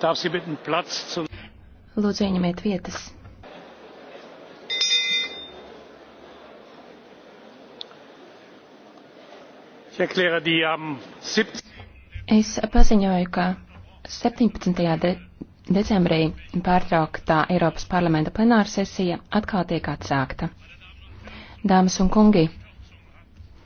darf Sie bitten, Platz zu Lūdzu, ieņemiet vietas. Es paziņoju, ka 17. De decembrī pārtrauktā Eiropas parlamenta plenāra sesija atkal tiek atsākta. Dāmas un kungi,